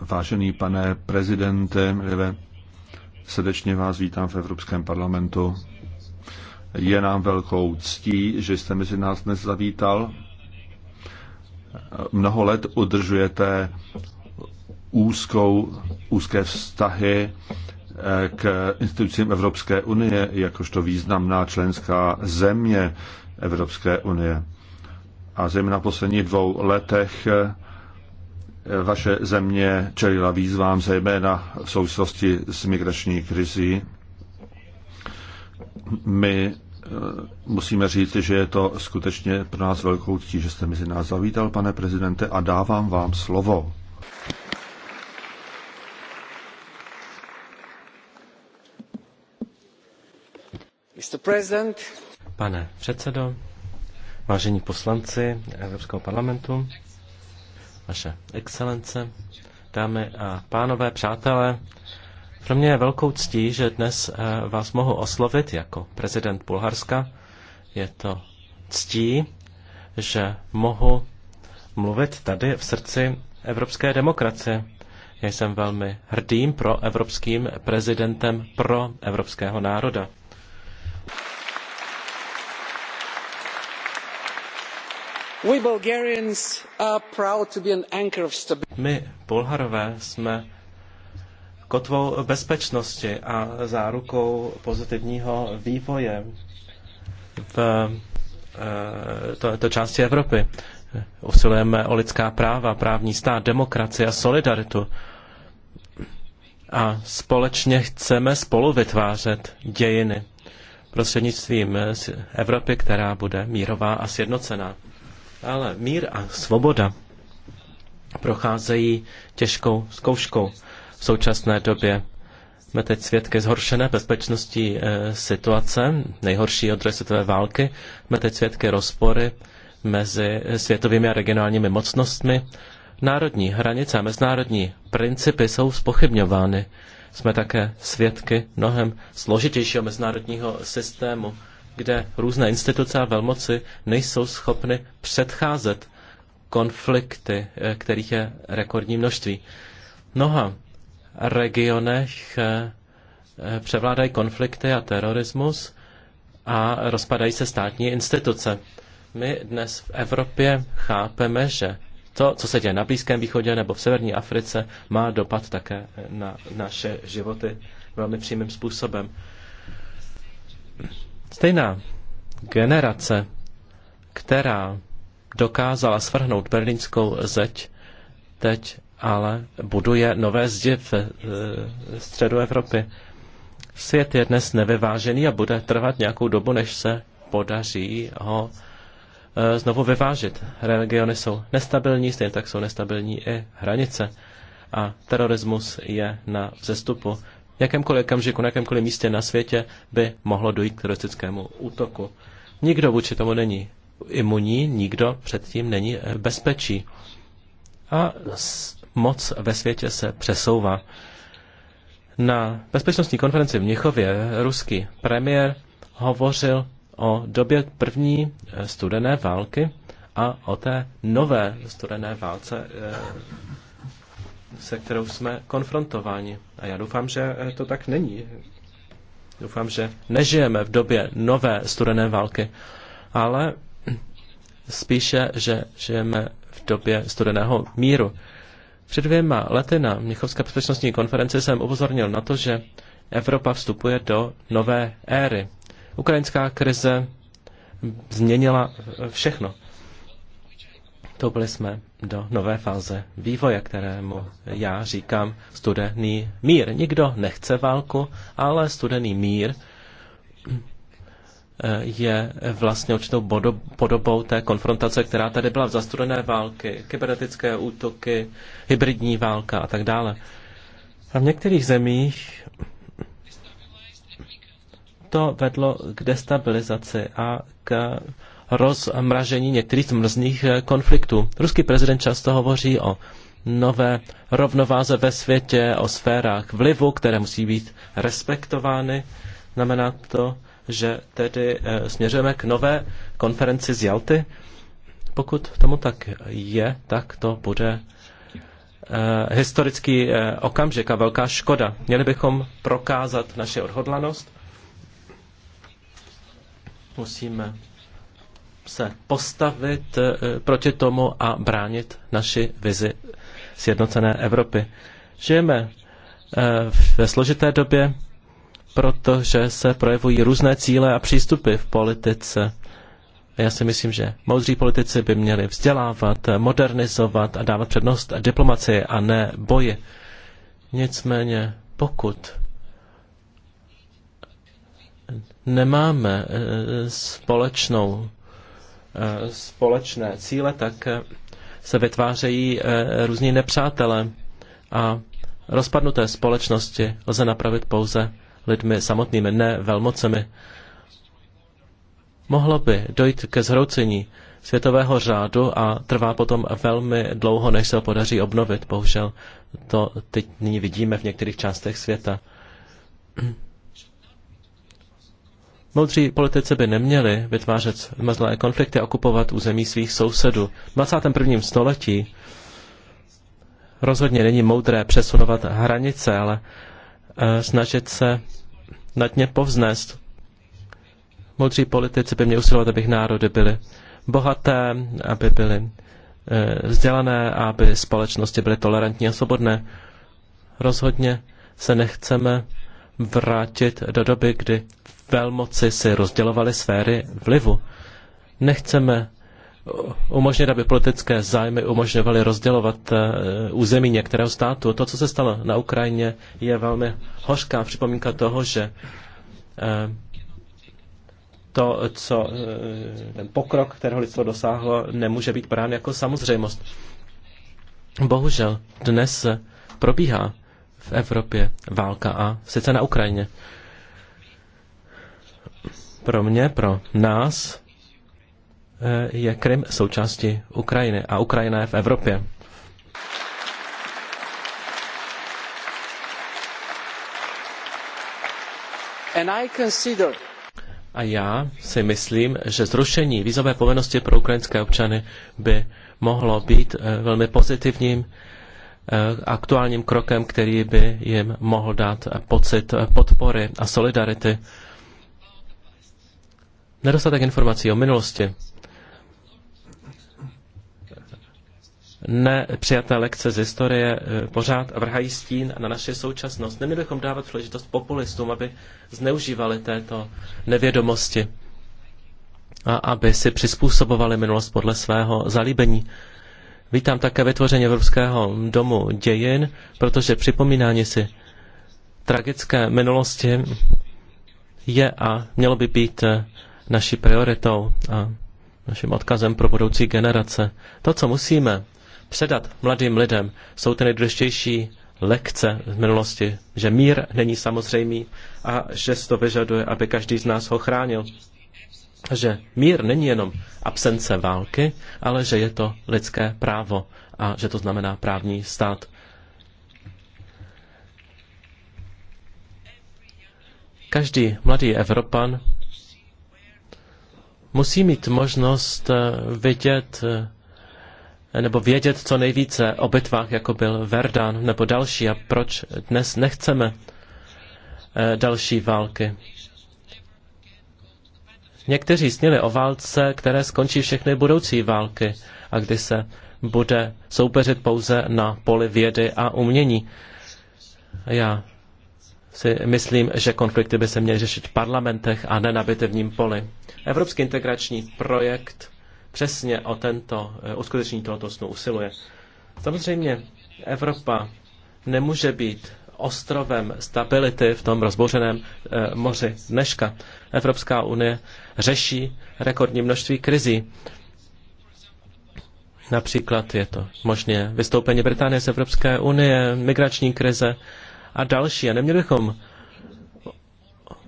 Vážený pane prezidente, srdečně vás vítám v Evropském parlamentu. Je nám velkou ctí, že jste mezi nás dnes zavítal. Mnoho let udržujete úzkou, úzké vztahy k institucím Evropské unie, jakožto významná členská země Evropské unie. A zejména v posledních dvou letech eh, vaše země čelila výzvám, zejména v souvislosti s migrační krizí. My eh, musíme říct, že je to skutečně pro nás velkou ctí, že jste mezi nás zavítal, pane prezidente, a dávám vám slovo. Pane předsedo, vážení poslanci Evropského parlamentu, vaše excelence, dámy a pánové, přátelé, pro mě je velkou ctí, že dnes eh, vás mohu oslovit jako prezident Bulharska. Je to ctí, že mohu mluvit tady v srdci evropské demokracie. Já jsem velmi hrdým pro evropským prezidentem pro evropského národa. My, Bulharové, jsme kotvou bezpečnosti a zárukou pozitivního vývoje v této eh, části Evropy. Usilujeme o lidská práva, právní stát, demokracii a solidaritu. A společně chceme spolu vytvářet dějiny prostřednictvím Evropy, která bude mírová a sjednocená ale mír a svoboda procházejí těžkou zkouškou v současné době. Jsme teď svědky zhoršené bezpečnosti e, eh, situace, nejhorší od druhé světové války. Jsme teď svědky rozpory mezi světovými a regionálními mocnostmi. Národní hranice a mezinárodní principy jsou spochybňovány. Jsme také svědky mnohem složitějšího mezinárodního systému kde různé instituce a velmoci nejsou schopny předcházet konflikty, eh, kterých je rekordní množství. Mnoha regionech eh, eh, převládají konflikty a terorismus a rozpadají se státní instituce. My dnes v Evropě chápeme, že to, co se děje na Blízkém východě nebo v severní Africe, má dopad také na naše životy velmi přímým způsobem. Stejná generace, která dokázala svrhnout berlínskou zeď, teď ale buduje nové zdi v e, středu Evropy. Svět je dnes nevyvážený a bude trvat nějakou dobu, než se podaří ho e, znovu vyvážit. Regiony jsou nestabilní, stejně tak jsou nestabilní i hranice. A terorismus je na vzestupu jakémkoliv okamžiku, na jakémkoliv místě na světě by mohlo dojít k teroristickému útoku. Nikdo vůči tomu není imunní, nikdo předtím není eh, bezpečí. A moc ve světě se přesouvá. Na bezpečnostní konferenci v Měchově ruský premiér hovořil o době první eh, studené války a o té nové studené válce eh, se kterou jsme konfrontováni. A já doufám, že eh, to tak není. Doufám, že nežijeme v době nové studené války, ale spíše, že žijeme v době studeného míru. Před dvěma lety na Měchovské bezpečnostní konferenci jsem upozornil na to, že Evropa vstupuje do nové éry. Ukrajinská krize změnila všechno. Vstoupili jsme do nové fáze vývoje, kterému já říkám studený mír. Nikdo nechce válku, ale studený mír eh, je vlastně určitou podobou té konfrontace, která tady byla v zastudené války, kybernetické útoky, hybridní válka a tak dále. A v některých zemích to vedlo k destabilizaci a k rozmražení některých mrzných eh, konfliktů. Ruský prezident často hovoří o nové rovnováze ve světě, o sférách vlivu, které musí být respektovány. Znamená to, že tedy eh, směřujeme k nové konferenci z Jalty. Pokud tomu tak je, tak to bude eh, historický okamžik a velká škoda. Měli bychom prokázat naše odhodlanost. Musíme se postavit eh, proti tomu a bránit naši vizi sjednocené Evropy. Žijeme eh, ve složité době, protože se projevují různé cíle a přístupy v politice. Já si myslím, že moudří politici by měli vzdělávat, modernizovat a dávat přednost diplomacii a ne boji. Nicméně, pokud nemáme eh, společnou Eh, společné cíle, tak eh, se vytvářejí eh, různí nepřátelé a rozpadnuté společnosti lze napravit pouze lidmi samotnými, ne velmocemi. Mohlo by dojít ke zhroucení světového řádu a trvá potom velmi dlouho, než se ho podaří obnovit. Bohužel to teď nyní vidíme v některých částech světa. Moudří politici by neměli vytvářet mazlé konflikty a okupovat území svých sousedů. V 21. století rozhodně není moudré přesunovat hranice, ale e, snažit se nad ně povznést. Moudří politici by měli usilovat, aby národy byly bohaté, aby byly e, vzdělané a aby společnosti byly tolerantní a svobodné. Rozhodně se nechceme vrátit do doby, kdy velmoci si rozdělovaly sféry vlivu. Nechceme umožnit, aby politické zájmy umožňovaly rozdělovat eh, území některého státu. To, co se stalo na Ukrajině, je velmi hořká připomínka toho, že eh, to, co eh, ten pokrok, kterého lidstvo dosáhlo, nemůže být brán jako samozřejmost. Bohužel dnes probíhá v Evropě válka a sice na Ukrajině pro mě, pro nás, eh, je Krym součástí Ukrajiny a Ukrajina je v Evropě. And I consider... A já si myslím, že zrušení vízové povinnosti pro ukrajinské občany by mohlo být eh, velmi pozitivním eh, aktuálním krokem, který by jim mohl dát pocit podpory a solidarity Nedostatek informací o minulosti, nepřijaté lekce z historie eh, pořád vrhají stín na naši současnost. Neměli bychom dávat příležitost populistům, aby zneužívali této nevědomosti a aby si přizpůsobovali minulost podle svého zalíbení. Vítám také vytvoření Evropského domu dějin, protože připomínání si tragické minulosti je a mělo by být eh, naší prioritou a naším odkazem pro budoucí generace. To, co musíme předat mladým lidem, jsou ty nejdůležitější lekce z minulosti, že mír není samozřejmý a že to vyžaduje, aby každý z nás ho chránil. Že mír není jenom absence války, ale že je to lidské právo a že to znamená právní stát. Každý mladý Evropan musí mít možnost eh, vidět eh, nebo vědět co nejvíce o bitvách, jako byl Verdán nebo další a proč dnes nechceme eh, další války. Někteří snili o válce, které skončí všechny budoucí války a kdy se bude soupeřit pouze na poli vědy a umění. Já si myslím, že konflikty by se měly řešit v parlamentech a ne na bitevním poli. Evropský integrační projekt přesně o tento eh, uskutečnění tohoto snu usiluje. Samozřejmě Evropa nemůže být ostrovem stability v tom rozbořeném eh, moři dneška. Evropská unie řeší rekordní množství krizí. Například je to možně vystoupení Británie z Evropské unie, migrační krize, eh, a další. A neměli bychom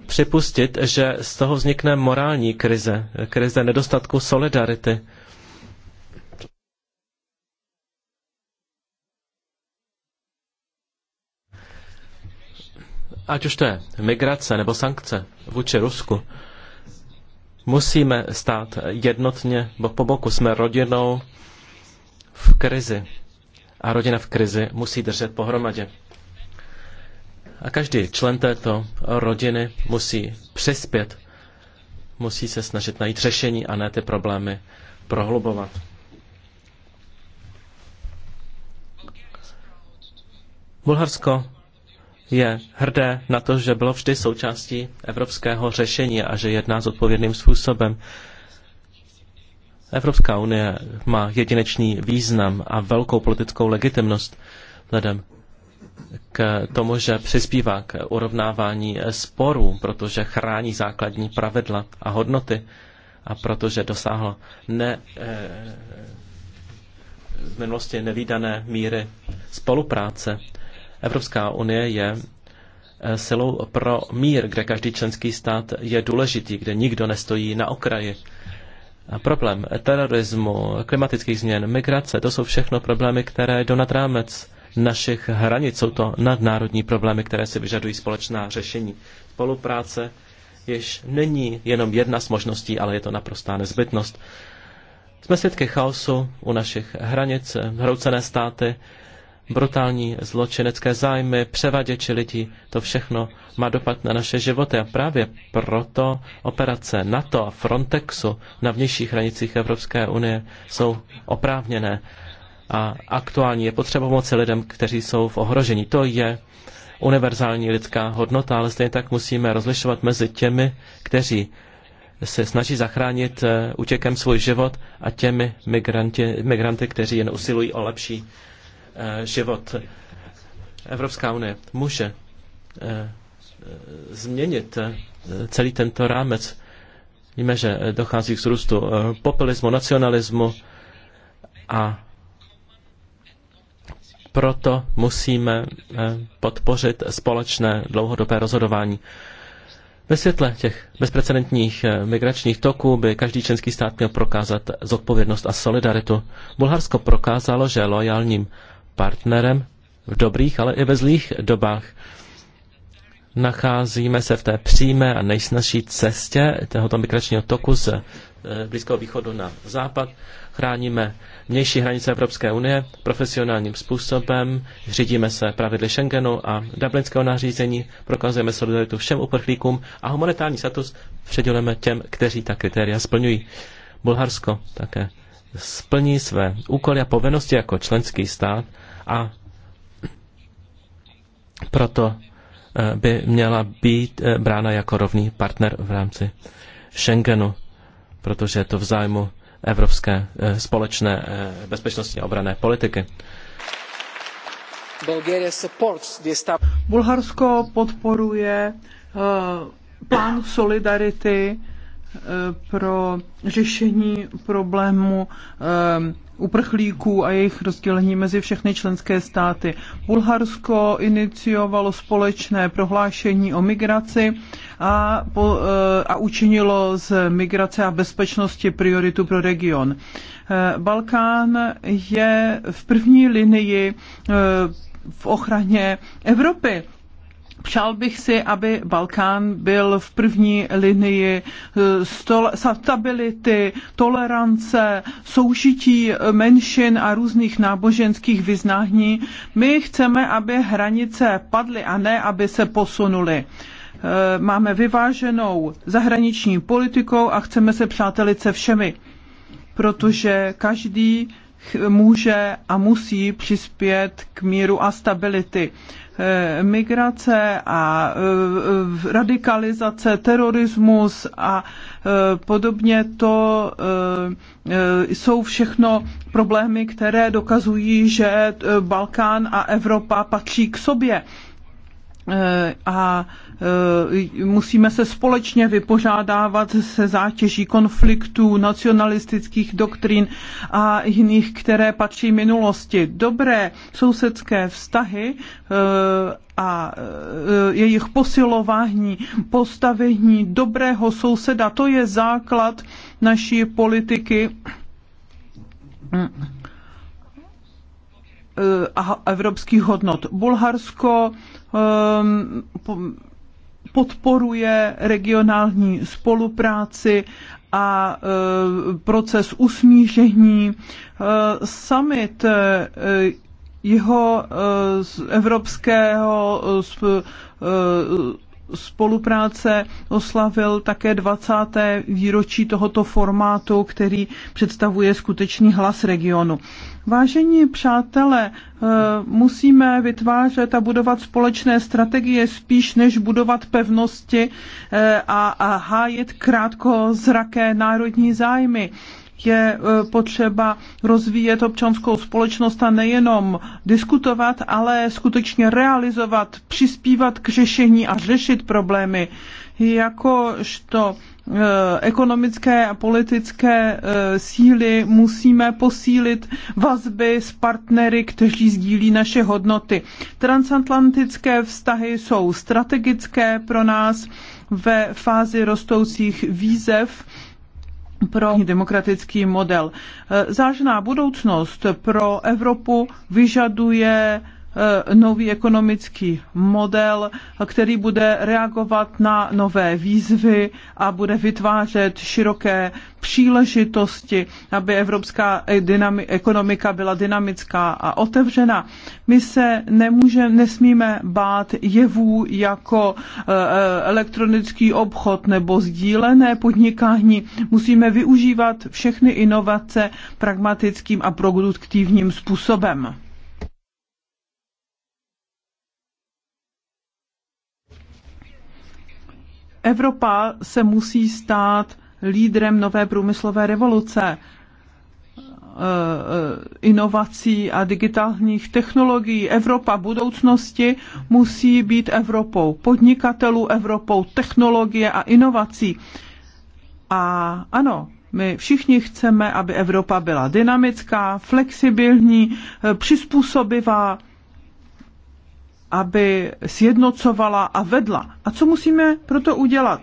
připustit, že z toho vznikne morální krize, krize nedostatku solidarity. Ať už to je migrace nebo sankce vůči Rusku, musíme stát jednotně bo po boku. Jsme rodinou v krizi a rodina v krizi musí držet pohromadě. A každý člen této rodiny musí přispět, musí se snažit najít řešení a ne ty problémy prohlubovat. Bulharsko je hrdé na to, že bylo vždy součástí evropského řešení a že jedná s odpovědným způsobem. Evropská unie má jedinečný význam a velkou politickou legitimnost vzhledem k tomu, že přispívá k urovnávání sporů, protože chrání základní pravidla a hodnoty a protože dosáhlo ne, v eh, minulosti nevýdané míry spolupráce. Evropská unie je eh, silou pro mír, kde každý členský stát je důležitý, kde nikdo nestojí na okraji. A problém terorismu, klimatických změn, migrace, to jsou všechno problémy, které jdou nad rámec našich hranic. Jsou to nadnárodní problémy, které si vyžadují společná řešení. Spolupráce jež není jenom jedna z možností, ale je to naprostá nezbytnost. Jsme svědky chaosu u našich hranic, hroucené státy, brutální zločinecké zájmy, převaděči lidí, to všechno má dopad na naše životy a právě proto operace NATO a Frontexu na vnějších hranicích Evropské unie jsou oprávněné a aktuální. Je potřeba pomoci lidem, kteří jsou v ohrožení. To je univerzální lidská hodnota, ale stejně tak musíme rozlišovat mezi těmi, kteří se snaží zachránit útěkem eh, svůj život a těmi migranti, migranty, kteří jen usilují o lepší eh, život. Evropská unie může eh, změnit celý tento rámec. Víme, že dochází k zrůstu populismu, nacionalismu a proto musíme eh, podpořit společné dlouhodobé rozhodování. Ve světle těch bezprecedentních eh, migračních toků by každý členský stát měl prokázat zodpovědnost a solidaritu. Bulharsko prokázalo, že je lojálním partnerem v dobrých, ale i ve zlých dobách. Nacházíme se v té přímé a nejsnažší cestě tohoto migračního toku z Eh, Blízkého východu na západ. Chráníme vnější hranice Evropské unie profesionálním způsobem, řídíme se pravidly Schengenu a Dublinského nařízení, prokazujeme solidaritu všem uprchlíkům a humanitární status předělujeme těm, kteří ta kritéria splňují. Bulharsko také splní své úkoly a povinnosti jako členský stát a proto eh, by měla být eh, brána jako rovný partner v rámci Schengenu protože je to v zájmu evropské eh, společné eh, bezpečnostní a obrané politiky. Bulharsko podporuje eh, plán solidarity Eh, pro řešení problému eh, uprchlíků a jejich rozdělení mezi všechny členské státy. Bulharsko iniciovalo společné prohlášení o migraci a, po, eh, a učinilo z migrace a bezpečnosti prioritu pro region. Balkán je v první linii v ochraně Evropy Přál bych si, aby Balkán byl v první linii eh, stability, tolerance, soužití eh, menšin a různých náboženských vyznání. My chceme, aby hranice padly a ne, aby se posunuly eh, máme vyváženou zahraniční politikou a chceme se přátelit se všemi, protože každý může a musí přispět k míru a stability. Eh, migrace a eh, radikalizace, terorismus a eh, podobně, to jsou všechno problémy, které dokazují, že Balkán a Evropa patří k sobě. A Eh, musíme se společně vypořádávat se zátěží konfliktů, nacionalistických doktrín a jiných, které patří minulosti. Dobré sousedské vztahy eh, a eh, jejich posilování, postavení dobrého souseda, to je základ naší politiky a evropských hodnot. Bulharsko um, podporuje regionální spolupráci a e, proces usmíření. E, summit e, jeho evropského spolupráce oslavil také 20. výročí tohoto formátu, který představuje skutečný hlas regionu. Vážení přátelé, eh, musíme vytvářet a budovat společné strategie spíš než budovat pevnosti eh, a, a hájit krátko zraké národní zájmy je e, potřeba rozvíjet občanskou společnost a nejenom diskutovat, ale skutečně realizovat, přispívat k řešení a řešit problémy. Jakožto e, ekonomické a politické e, síly musíme posílit vazby s partnery, kteří sdílí naše hodnoty. Transatlantické vztahy jsou strategické pro nás ve fázi rostoucích výzev pro demokratický model. E, Zážná budoucnost pro Evropu vyžaduje Eh, nový ekonomický model, který bude reagovat na nové výzvy a bude vytvářet široké příležitosti, aby evropská ekonomika byla dynamická a otevřená. My se nemůže, nesmíme bát jevů jako eh, elektronický obchod nebo sdílené podnikání. Musíme využívat všechny inovace pragmatickým a produktivním způsobem. Evropa se musí stát lídrem nové průmyslové revoluce, eh, eh, inovací a digitálních technologií. Evropa budoucnosti musí být Evropou podnikatelů, Evropou technologie a inovací. A ano, my všichni chceme, aby Evropa byla dynamická, flexibilní, eh, přizpůsobivá, aby sjednocovala a vedla. A co musíme proto udělat?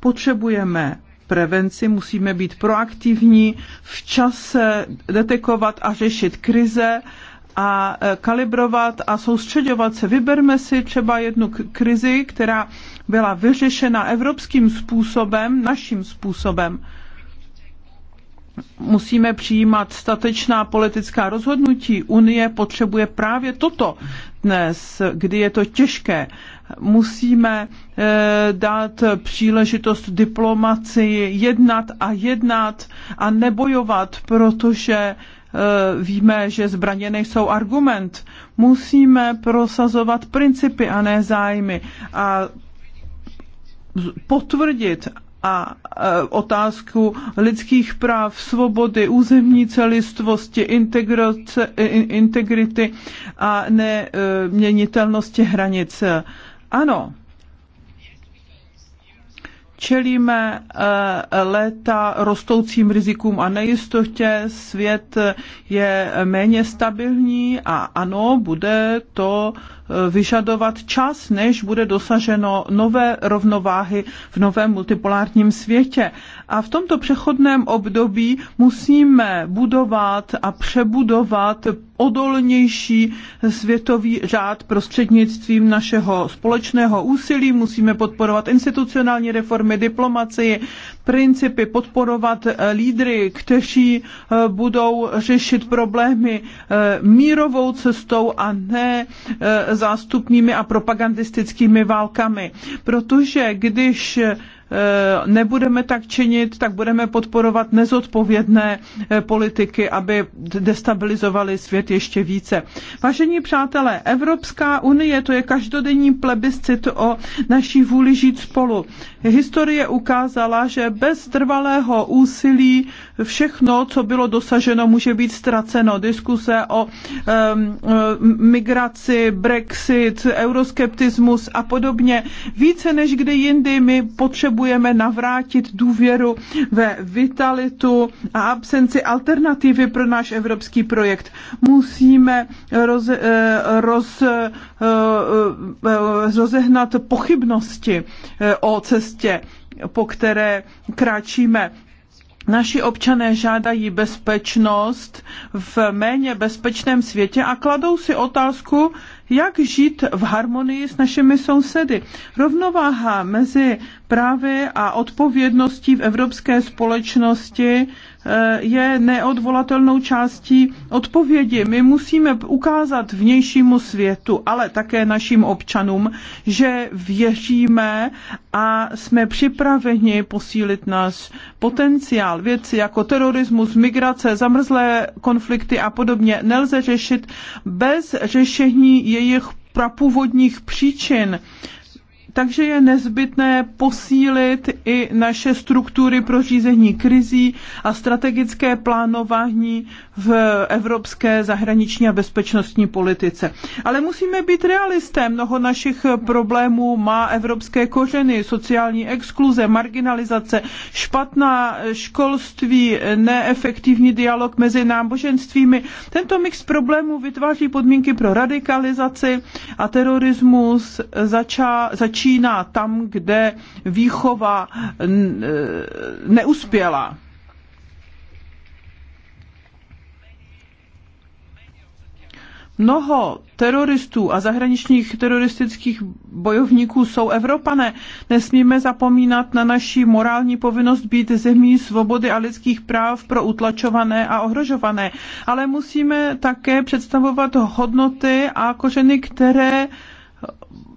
Potřebujeme prevenci, musíme být proaktivní, včas detekovat a řešit krize a e, kalibrovat a soustředovat se. Vyberme si třeba jednu krizi, která byla vyřešena evropským způsobem, naším způsobem musíme přijímat statečná politická rozhodnutí. Unie potřebuje právě toto dnes, kdy je to těžké. Musíme eh, dát příležitost diplomaci jednat a jednat a nebojovat, protože eh, víme, že zbraně nejsou argument. Musíme prosazovat principy a ne zájmy. A potvrdit a e, otázku lidských práv, svobody, územní celistvosti, integrity a neměnitelnosti e, hranic. Ano, čelíme e, léta rostoucím rizikům a nejistotě, svět je méně stabilní a ano, bude to vyžadovat čas, než bude dosaženo nové rovnováhy v novém multipolárním světě. A v tomto přechodném období musíme budovat a přebudovat odolnější světový řád prostřednictvím našeho společného úsilí. Musíme podporovat institucionální reformy, diplomacii, principy, podporovat eh, lídry, kteří eh, budou řešit problémy eh, mírovou cestou a ne zástupnými a propagandistickými válkami. Protože když Eh, nebudeme tak činit, tak budeme podporovat nezodpovědné eh, politiky, aby destabilizovali svět ještě více. Vážení přátelé, Evropská unie to je každodenní plebiscit o naší vůli žít spolu. Historie ukázala, že bez trvalého úsilí všechno, co bylo dosaženo, může být ztraceno. Diskuse o um, migraci, Brexit, euroskeptismus a podobně. Více než kdy jindy my potřebujeme potřebujeme navrátit důvěru ve vitalitu a absenci alternativy pro náš evropský projekt. Musíme eh, roz, roz, eh, eh, rozehnat pochybnosti o cestě, po které kráčíme. Naši občané žádají bezpečnost v méně bezpečném světě a kladou si otázku, jak žít v harmonii s našimi sousedy. Rovnováha mezi právy a odpovědností v evropské společnosti eh, je neodvolatelnou částí odpovědi. My musíme ukázat vnějšímu světu, ale také našim občanům, že věříme a jsme připraveni posílit náš potenciál. Věci jako terorismus, migrace, zamrzlé konflikty a podobně nelze řešit bez řešení jejich prapůvodních příčin takže je nezbytné posílit i naše struktury pro řízení krizí a strategické plánování v evropské zahraniční a bezpečnostní politice. Ale musíme být realisté. Mnoho našich problémů má evropské kořeny, sociální exkluze, marginalizace, špatná školství, neefektivní dialog mezi náboženstvími. Tento mix problémů vytváří podmínky pro radikalizaci a terorismus začá, začíná začíná tam, kde výchova e, neuspěla. Mnoho teroristů a zahraničních teroristických bojovníků jsou Evropané. Nesmíme zapomínat na naši morální povinnost být zemí svobody a lidských práv pro utlačované a ohrožované. Ale musíme také představovat hodnoty a kořeny, které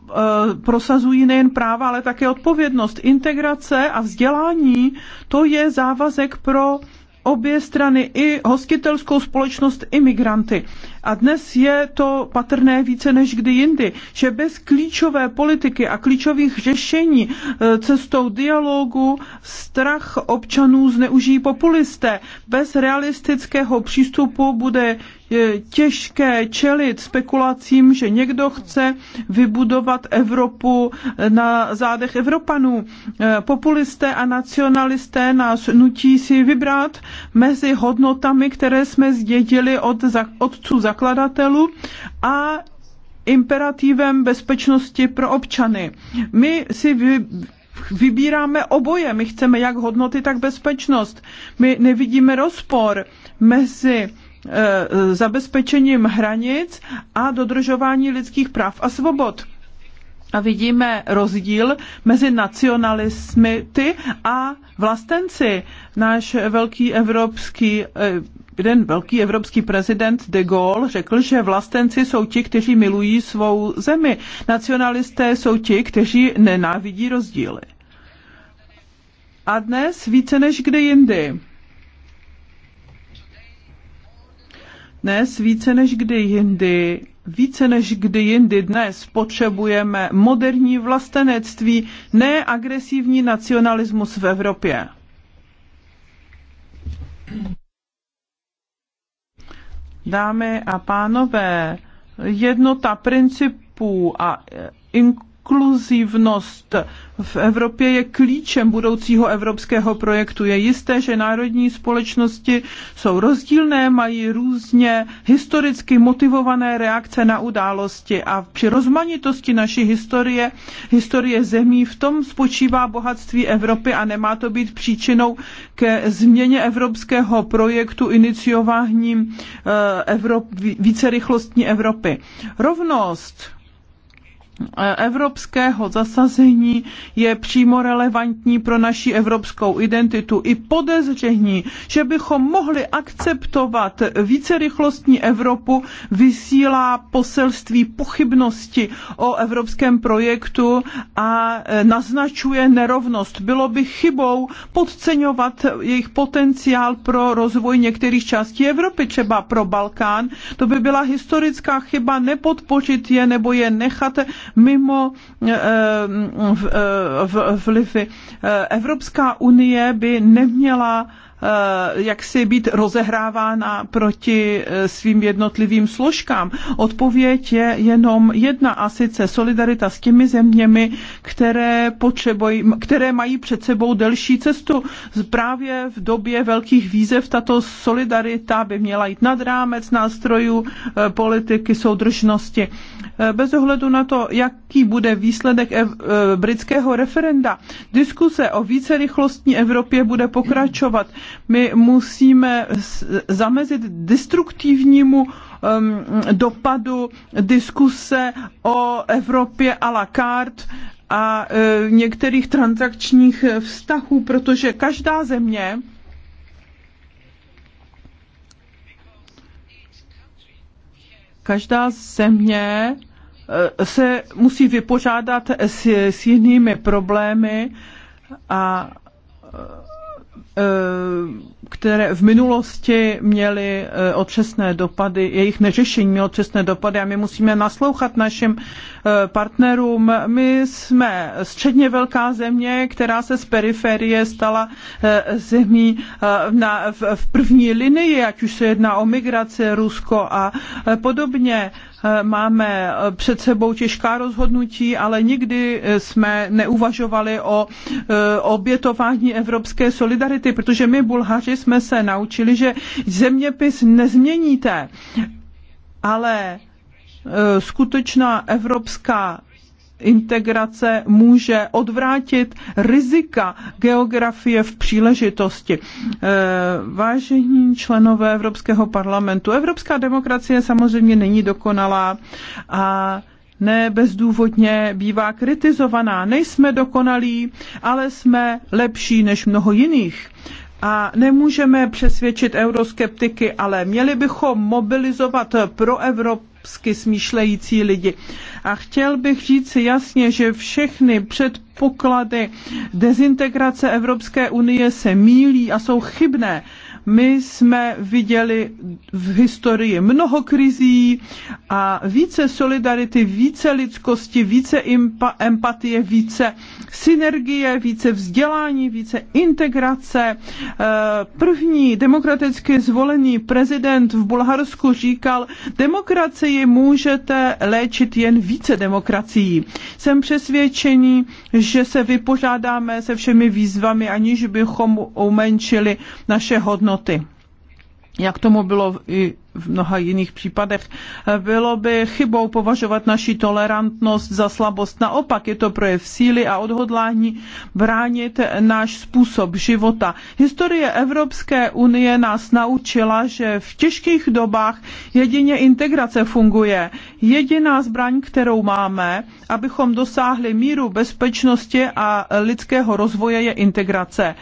Eh, prosazují nejen práva, ale také odpovědnost. Integrace a vzdělání, to je závazek pro obě strany, i hostitelskou společnost, i migranty. A dnes je to patrné více než kdy jindy, že bez klíčové politiky a klíčových řešení eh, cestou dialogu strach občanů zneužijí populisté. Bez realistického přístupu bude těžké čelit spekulacím, že někdo chce vybudovat Evropu na zádech Evropanů. Eh, populisté a nacionalisté nás nutí si vybrat mezi hodnotami, které jsme zdědili od otců zakladatelů a imperativem bezpečnosti pro občany. My si vy, vybíráme oboje. My chceme jak hodnoty, tak bezpečnost. My nevidíme rozpor mezi Eh, zabezpečením hranic a dodržování lidských práv a svobod. A vidíme rozdíl mezi nacionalisty a vlastenci. Náš velký evropský eh, jeden velký evropský prezident de Gaulle řekl, že vlastenci jsou ti, kteří milují svou zemi. Nacionalisté jsou ti, kteří nenávidí rozdíly. A dnes více než kdy jindy Dnes více než kdy jindy více než kdy jindy dnes potřebujeme moderní vlastenectví, ne agresivní nacionalismus v Evropě. Dámy a pánové, jednota principů a eh, in- inkluzivnost v Evropě je klíčem budoucího evropského projektu. Je jisté, že národní společnosti jsou rozdílné, mají různě historicky motivované reakce na události a při rozmanitosti naší historie, historie zemí, v tom spočívá bohatství Evropy a nemá to být příčinou ke změně evropského projektu iniciováním eh, Evrop, vícerychlostní Evropy. Rovnost evropského zasazení je přímo relevantní pro naši evropskou identitu. I podezření, že bychom mohli akceptovat vícerychlostní Evropu, vysílá poselství pochybnosti o evropském projektu a e, naznačuje nerovnost. Bylo by chybou podceňovat jejich potenciál pro rozvoj některých částí Evropy, třeba pro Balkán. To by byla historická chyba nepodpořit je nebo je nechat mimo eh, vlivy. Eh, eh, Evropská unie by neměla Eh, jak si být rozehrávána proti eh, svým jednotlivým složkám. Odpověď je jenom jedna a sice solidarita s těmi zeměmi, které, potřebují, které mají před sebou delší cestu. Právě v době velkých výzev tato solidarita by měla jít nad rámec nástrojů eh, politiky soudržnosti. Bez ohledu na to, jaký bude výsledek britského referenda, diskuse o vícerychlostní Evropě bude pokračovat my musíme zamezit destruktivnímu um, dopadu diskuse o Evropě à la carte a uh, některých transakčních vztahů, protože každá země každá země uh, se musí vypořádat s, s jinými problémy a uh, Eh, které v minulosti měly eh, otřesné dopady, jejich neřešení mělo otřesné dopady a my musíme naslouchat našim eh, partnerům. My jsme středně velká země, která se z periferie stala zemí na, v, v první linii, ať už se jedná o migraci, Rusko a podobně. Eh, máme eh, před sebou těžká rozhodnutí, ale nikdy eh, jsme neuvažovali o obětování evropské solidarity, protože my Bulhaři jsme se naučili, že zeměpis nezměníte, ale skutečná evropská integrace může odvrátit rizika geografie v příležitosti. E, vážení členové Evropského parlamentu, evropská demokracie samozřejmě není dokonalá a ne bezdůvodně bývá kritizovaná. Nejsme dokonalí, ale jsme lepší než mnoho jiných. A nemůžeme přesvědčit euroskeptiky, ale měli bychom mobilizovat pro Evropu evropsky smýšlející lidi. A chtěl bych říct jasně, že všechny předpoklady dezintegrace Evropské unie se mílí a jsou chybné. My jsme viděli v historii mnoho krizí a více solidarity, více lidskosti, více empatie, více synergie, více vzdělání, více integrace. Eh, první demokraticky zvolený prezident v Bulharsku říkal, demokracii můžete léčit jen více demokracií. Jsem přesvědčený, že se vypořádáme se všemi výzvami, aniž bychom umenšili naše hodnoty hodnoty. Jak tomu bylo i v mnoha jiných případech. Bylo by chybou považovat naši tolerantnost za slabost. Naopak je to projev síly a odhodlání bránit náš způsob života. Historie Evropské unie nás naučila, že v těžkých dobách jedině integrace funguje. Jediná zbraň, kterou máme, abychom dosáhli míru bezpečnosti a lidského rozvoje, je integrace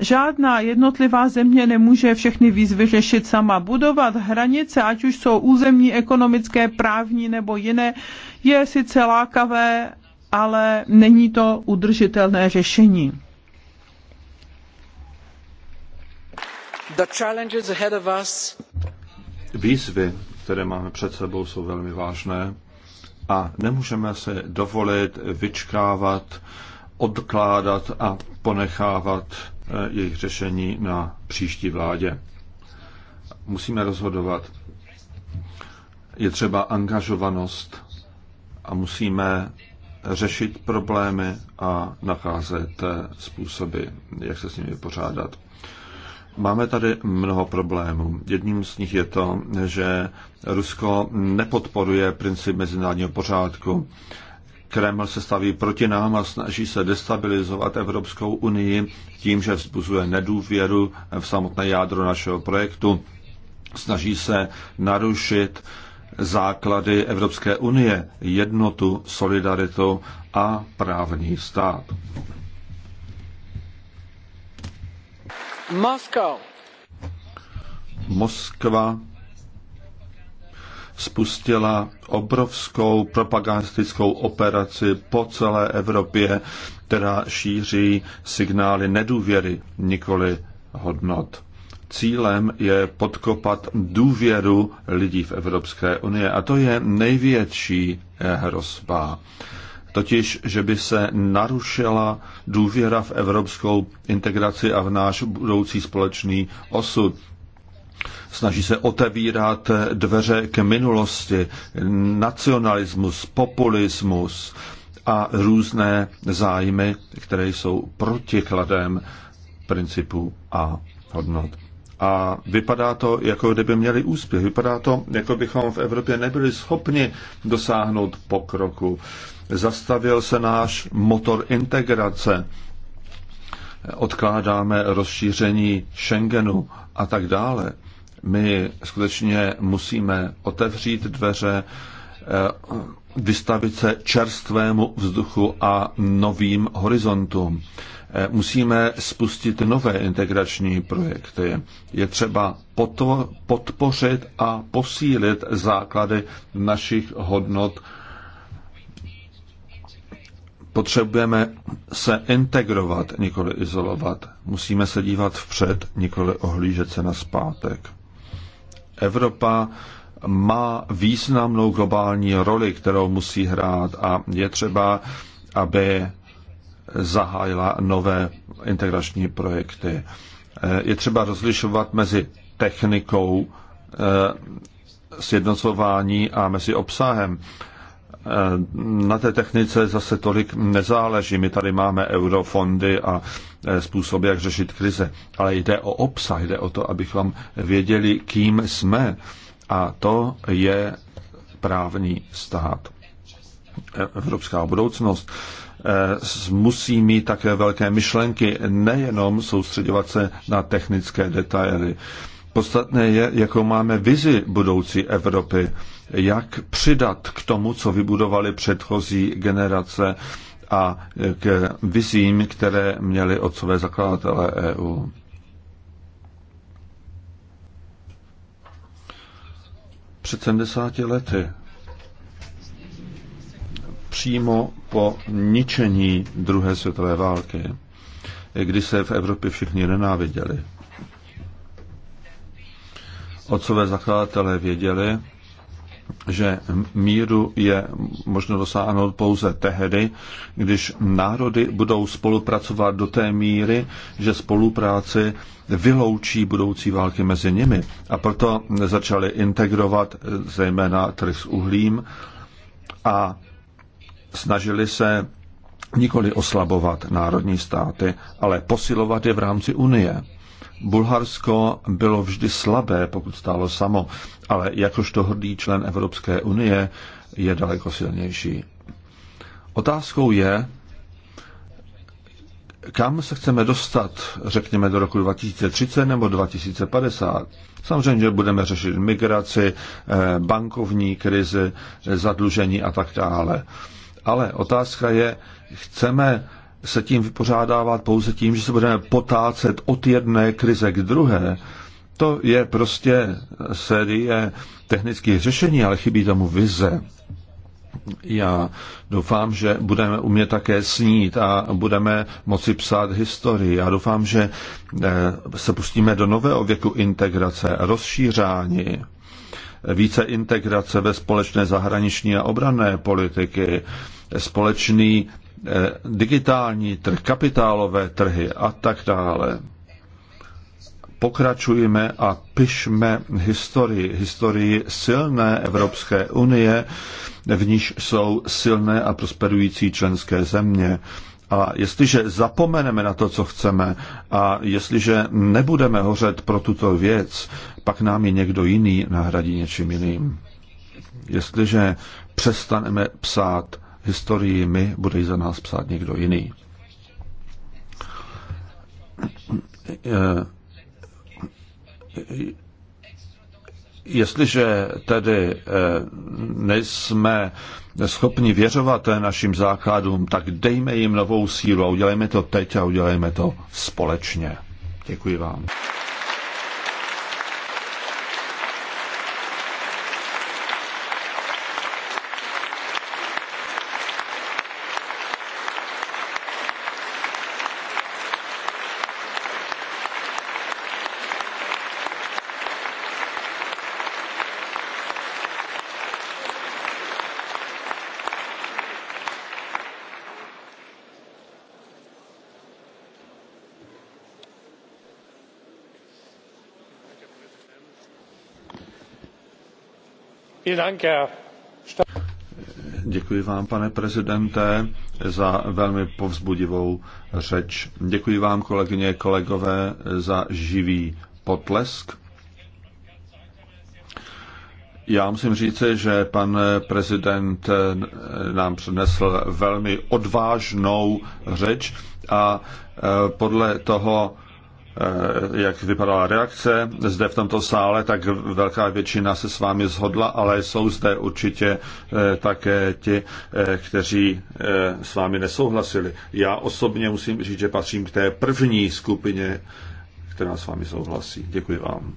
žádná jednotlivá země nemůže všechny výzvy řešit sama. Budovat hranice, ať už jsou územní, ekonomické, právní nebo jiné, je sice lákavé, ale není to udržitelné řešení. Výzvy, které máme před sebou, jsou velmi vážné a nemůžeme se dovolit vyčkávat, odkládat a ponechávat Eh, jejich řešení na příští vládě. Musíme rozhodovat. Je třeba angažovanost a musíme řešit problémy a nacházet eh, způsoby, jak se s nimi pořádat. Máme tady mnoho problémů. Jedním z nich je to, že Rusko nepodporuje princip mezinárodního pořádku Kreml se staví proti nám a snaží se destabilizovat Evropskou unii tím, že vzbuzuje nedůvěru v samotné jádro našeho projektu. Snaží se narušit základy Evropské unie, jednotu, solidaritu a právní stát. Moskva. Moskva spustila obrovskou propagandistickou operaci po celé Evropě, která šíří signály nedůvěry, nikoli hodnot. Cílem je podkopat důvěru lidí v Evropské unie a to je největší hrozba. Totiž, že by se narušila důvěra v evropskou integraci a v náš budoucí společný osud. Snaží se otevírat dveře k minulosti, nacionalismus, populismus a různé zájmy, které jsou protikladem principů a hodnot. A vypadá to, jako kdyby měli úspěch. Vypadá to, jako bychom v Evropě nebyli schopni dosáhnout pokroku. Zastavil se náš motor integrace odkládáme rozšíření Schengenu a tak dále. My skutečně musíme otevřít dveře, eh, vystavit se čerstvému vzduchu a novým horizontům. Eh, musíme spustit nové integrační projekty. Je třeba podpořit a posílit základy našich hodnot potřebujeme se integrovat, nikoli izolovat. Musíme se dívat vpřed, nikoli ohlížet se na zpátek. Evropa má významnou globální roli, kterou musí hrát a je třeba, aby zahájila nové integrační projekty. Eh, je třeba rozlišovat mezi technikou eh, sjednocování a mezi obsahem. Eh, na té technice zase tolik nezáleží. My tady máme eurofondy a eh, způsoby, jak řešit krize. Ale jde o obsah, jde o to, abychom věděli, kým jsme. A to je právní stát. Evropská budoucnost eh, musí mít také velké myšlenky, nejenom soustředovat se na technické detaily. Podstatné je, jakou máme vizi budoucí Evropy, jak přidat k tomu, co vybudovali předchozí generace a k vizím, které měli otcové zakladatele EU. Před 70 lety přímo po ničení druhé světové války, kdy se v Evropě všichni nenáviděli otcové zakladatelé věděli, že míru je možno dosáhnout pouze tehdy, když národy budou spolupracovat do té míry, že spolupráci vyloučí budoucí války mezi nimi. A proto začali integrovat eh, zejména trh s uhlím a snažili se nikoli oslabovat národní státy, ale posilovat je v rámci Unie. Bulharsko bylo vždy slabé, pokud stálo samo, ale jakožto hrdý člen Evropské unie je daleko silnější. Otázkou je, kam se chceme dostat, řekněme, do roku 2030 nebo 2050. Samozřejmě, že budeme řešit migraci, eh, bankovní krizi, zadlužení a tak dále. Ale otázka je, chceme se tím vypořádávat pouze tím, že se budeme potácet od jedné krize k druhé. To je prostě série technických řešení, ale chybí tomu vize. Já doufám, že budeme umět také snít a budeme moci psát historii. Já doufám, že eh, se pustíme do nového věku integrace, rozšíření, více integrace ve společné zahraniční a obranné politiky, společný Eh, digitální trh, kapitálové trhy a tak dále. Pokračujeme a pišme historii, historii silné Evropské unie, v níž jsou silné a prosperující členské země. A jestliže zapomeneme na to, co chceme, a jestliže nebudeme hořet pro tuto věc, pak nám ji někdo jiný nahradí něčím jiným. Jestliže přestaneme psát historii my, bude za nás psát někdo jiný. Eh, jestliže tedy eh, nejsme schopni věřovat našim základům, tak dejme jim novou sílu a udělejme to teď a udělejme to společně. Děkuji vám. Děkuji vám, pane prezidente, za velmi povzbudivou řeč. Děkuji vám, kolegyně, kolegové, za živý potlesk. Já musím říci, že pan prezident nám přednesl velmi odvážnou řeč a podle toho, Eh, jak vypadala reakce zde v tomto sále, tak velká většina se s vámi zhodla, ale jsou zde určitě eh, také ti, eh, kteří s vámi nesouhlasili. Já osobně musím říct, že patřím k té první skupině, která s vámi souhlasí. Děkuji vám.